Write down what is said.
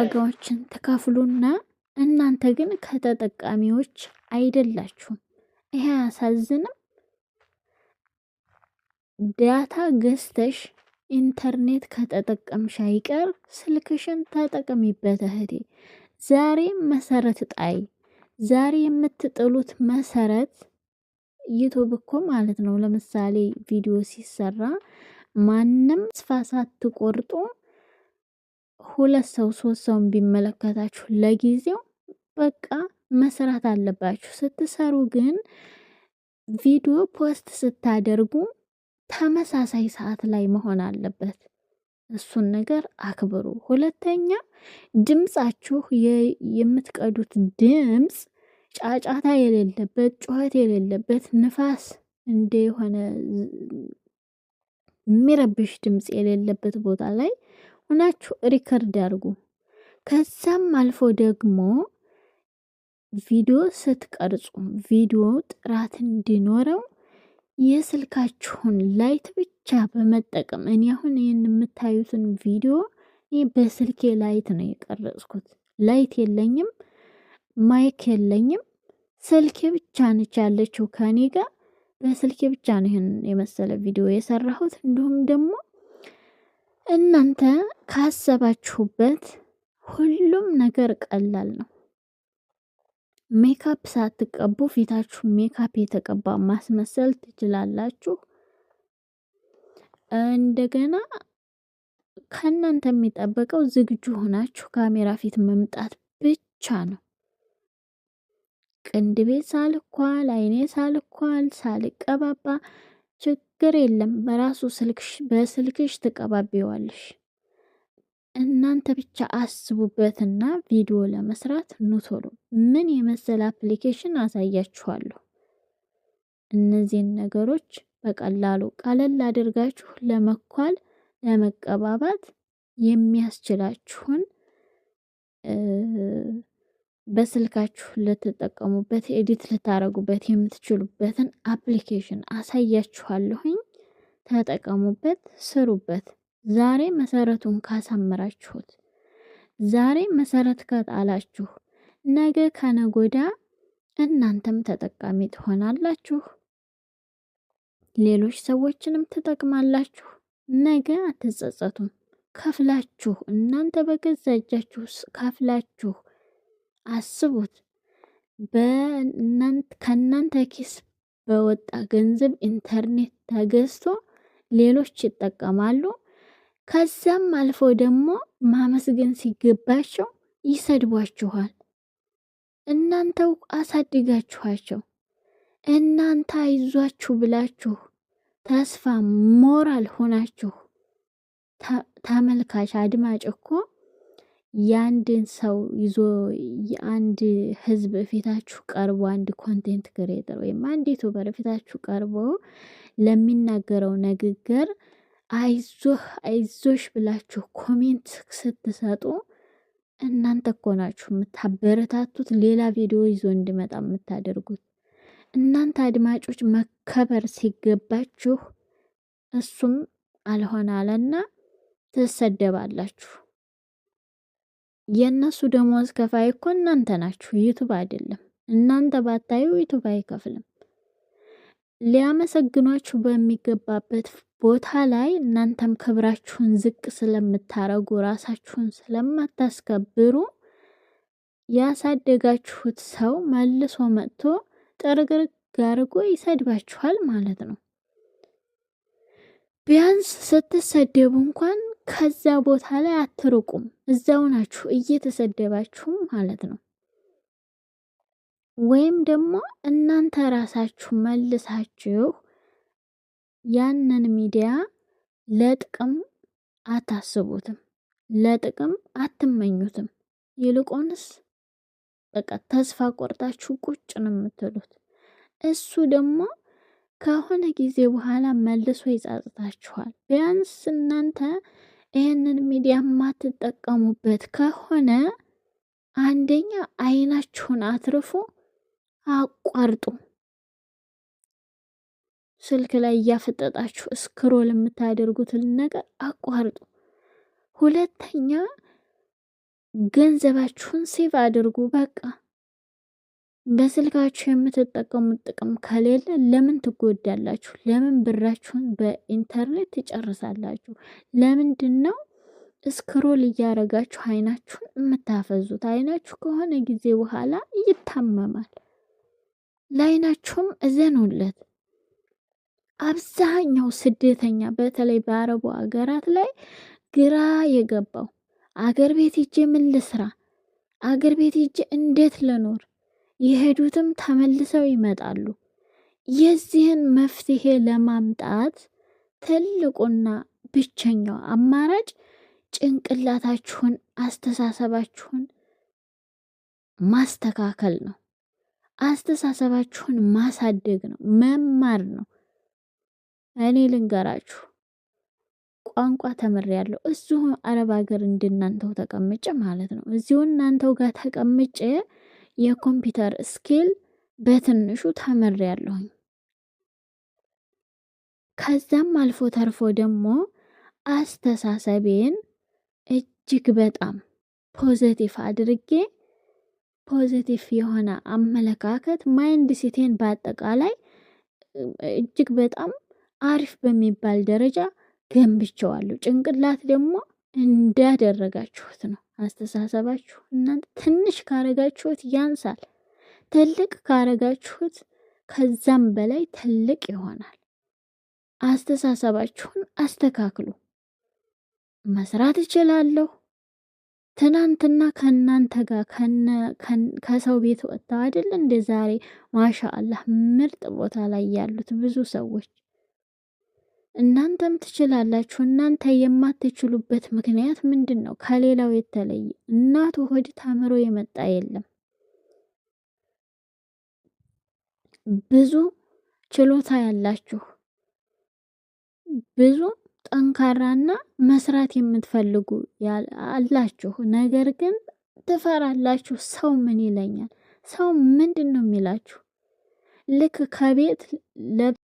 ዋጋዎችን ተካፍሉና እናንተ ግን ከተጠቃሚዎች አይደላችሁም። ይሄ አያሳዝንም? ዳታ ገዝተሽ ኢንተርኔት ከተጠቀምሽ አይቀር ስልክሽን ተጠቀሚበት እህቴ። ዛሬ መሰረት ጣይ። ዛሬ የምትጥሉት መሰረት ዩቱብ እኮ ማለት ነው። ለምሳሌ ቪዲዮ ሲሰራ ማንም ተስፋ ሳትቆርጡ ሁለት ሰው ሶስት ሰውን ቢመለከታችሁ ለጊዜው በቃ መስራት አለባችሁ። ስትሰሩ ግን ቪዲዮ ፖስት ስታደርጉ ተመሳሳይ ሰዓት ላይ መሆን አለበት። እሱን ነገር አክብሩ። ሁለተኛ ድምጻችሁ የምትቀዱት ድምፅ ጫጫታ የሌለበት፣ ጩኸት የሌለበት፣ ንፋስ እንደ የሆነ የሚረብሽ ድምፅ የሌለበት ቦታ ላይ ሁናችሁ ሪከርድ አድርጉ። ከዛም አልፎ ደግሞ ቪዲዮ ስትቀርጹ ቪዲዮ ጥራት እንዲኖረው የስልካችሁን ላይት ብቻ በመጠቀም እኔ አሁን ይህን የምታዩትን ቪዲዮ እኔ በስልኬ ላይት ነው የቀረጽኩት። ላይት የለኝም፣ ማይክ የለኝም። ስልኬ ብቻ ነች ያለችው ከኔ ጋር። በስልኬ ብቻ ነው ይህን የመሰለ ቪዲዮ የሰራሁት። እንዲሁም ደግሞ እናንተ ካሰባችሁበት ሁሉም ነገር ቀላል ነው። ሜካፕ ሳትቀቡ ፊታችሁ ሜካፕ የተቀባ ማስመሰል ትችላላችሁ። እንደገና ከእናንተ የሚጠበቀው ዝግጁ ሆናችሁ ካሜራ ፊት መምጣት ብቻ ነው። ቅንድቤ ሳልኳል፣ አይኔ ሳልኳል፣ ሳልቀባባ ችግር የለም በራሱ ስልክሽ በስልክሽ ትቀባቢዋለሽ። እናንተ ብቻ አስቡበትና ቪዲዮ ለመስራት ኑቶሎ ምን የመሰለ አፕሊኬሽን አሳያችኋለሁ። እነዚህን ነገሮች በቀላሉ ቀለል አድርጋችሁ ለመኳል ለመቀባባት የሚያስችላችሁን በስልካችሁ ልትጠቀሙበት ኤዲት ልታረጉበት የምትችሉበትን አፕሊኬሽን አሳያችኋለሁኝ። ተጠቀሙበት፣ ስሩበት። ዛሬ መሰረቱን ካሳምራችሁት ዛሬ መሰረት ከጣላችሁ፣ ነገ ከነጎዳ እናንተም ተጠቃሚ ትሆናላችሁ፣ ሌሎች ሰዎችንም ትጠቅማላችሁ። ነገ አትጸጸቱም። ከፍላችሁ እናንተ በገዛ እጃችሁ ከፍላችሁ አስቡት። ከእናንተ ኪስ በወጣ ገንዘብ ኢንተርኔት ተገዝቶ ሌሎች ይጠቀማሉ። ከዛም አልፎ ደግሞ ማመስገን ሲገባቸው ይሰድቧችኋል። እናንተው አሳድጋችኋቸው እናንተ አይዟችሁ ብላችሁ ተስፋ ሞራል ሆናችሁ ተመልካች አድማጭ እኮ የአንድን ሰው ይዞ የአንድ ህዝብ ፊታችሁ ቀርቦ አንድ ኮንቴንት ክሬተር ወይም አንድ ዩቱበር ፊታችሁ ቀርቦ ለሚናገረው ንግግር አይዞህ አይዞሽ ብላችሁ ኮሜንት ስትሰጡ እናንተ እኮ ናችሁ የምታበረታቱት፣ ሌላ ቪዲዮ ይዞ እንዲመጣ የምታደርጉት። እናንተ አድማጮች መከበር ሲገባችሁ እሱም አልሆን አለና ትሰደባላችሁ። የእነሱ ደሞዝ ከፋይ እኮ እናንተ ናችሁ፣ ዩቱብ አይደለም። እናንተ ባታዩ ዩቱብ አይከፍልም። ሊያመሰግኗችሁ በሚገባበት ቦታ ላይ እናንተም ክብራችሁን ዝቅ ስለምታረጉ ራሳችሁን ስለማታስከብሩ ያሳደጋችሁት ሰው መልሶ መጥቶ ጥርግርግ አድርጎ ይሰድባችኋል ማለት ነው። ቢያንስ ስትሰደቡ እንኳን ከዛ ቦታ ላይ አትርቁም። እዛው ናችሁ እየተሰደባችሁ ማለት ነው። ወይም ደግሞ እናንተ ራሳችሁ መልሳችሁ ያንን ሚዲያ ለጥቅም አታስቡትም፣ ለጥቅም አትመኙትም። ይልቁንስ በቃ ተስፋ ቆርጣችሁ ቁጭ ነው የምትሉት። እሱ ደግሞ ከሆነ ጊዜ በኋላ መልሶ ይጸጽታችኋል። ቢያንስ እናንተ ይህንን ሚዲያ የማትጠቀሙበት ከሆነ አንደኛ አይናችሁን አትርፉ፣ አቋርጡ። ስልክ ላይ እያፈጠጣችሁ እስክሮል የምታደርጉትን ነገር አቋርጡ። ሁለተኛ ገንዘባችሁን ሴቭ አድርጉ። በቃ በስልካችሁ የምትጠቀሙት ጥቅም ከሌለ ለምን ትጎዳላችሁ? ለምን ብራችሁን በኢንተርኔት ትጨርሳላችሁ? ለምንድን ነው እስክሮል እያረጋችሁ አይናችሁን የምታፈዙት? አይናችሁ ከሆነ ጊዜ በኋላ ይታመማል። ለአይናችሁም እዘኑለት። አብዛኛው ስደተኛ በተለይ በአረቡ ሀገራት ላይ ግራ የገባው አገር ቤት ሂጄ ምን ልስራ፣ አገር ቤት ሂጄ እንዴት ልኖር የሄዱትም ተመልሰው ይመጣሉ። የዚህን መፍትሄ ለማምጣት ትልቁና ብቸኛው አማራጭ ጭንቅላታችሁን፣ አስተሳሰባችሁን ማስተካከል ነው። አስተሳሰባችሁን ማሳደግ ነው። መማር ነው። እኔ ልንገራችሁ ቋንቋ ተምሬያለሁ። እዚሁ አረብ ሀገር እንደናንተው ተቀምጬ ማለት ነው። እዚሁ እናንተው ጋር ተቀምጬ የኮምፒውተር ስኪል በትንሹ ተመር ያለሁኝ። ከዛም አልፎ ተርፎ ደግሞ አስተሳሰቤን እጅግ በጣም ፖዘቲቭ አድርጌ ፖዘቲቭ የሆነ አመለካከት ማይንድ ሲቴን በአጠቃላይ እጅግ በጣም አሪፍ በሚባል ደረጃ ገንብቸዋለሁ። ጭንቅላት ደግሞ እንዳደረጋችሁት ነው አስተሳሰባችሁ። እናንተ ትንሽ ካረጋችሁት ያንሳል፣ ትልቅ ካረጋችሁት ከዛም በላይ ትልቅ ይሆናል። አስተሳሰባችሁን አስተካክሉ። መስራት እችላለሁ። ትናንትና ከእናንተ ጋር ከሰው ቤት ወጥተው አይደል እንደ ዛሬ ማሻ አላህ ምርጥ ቦታ ላይ ያሉት ብዙ ሰዎች እናንተም ትችላላችሁ። እናንተ የማትችሉበት ምክንያት ምንድን ነው? ከሌላው የተለየ እናቱ ሆድ ታምሮ የመጣ የለም። ብዙ ችሎታ ያላችሁ ብዙ ጠንካራና መስራት የምትፈልጉ አላችሁ። ነገር ግን ትፈራላችሁ። ሰው ምን ይለኛል? ሰው ምንድን ነው የሚላችሁ? ልክ ከቤት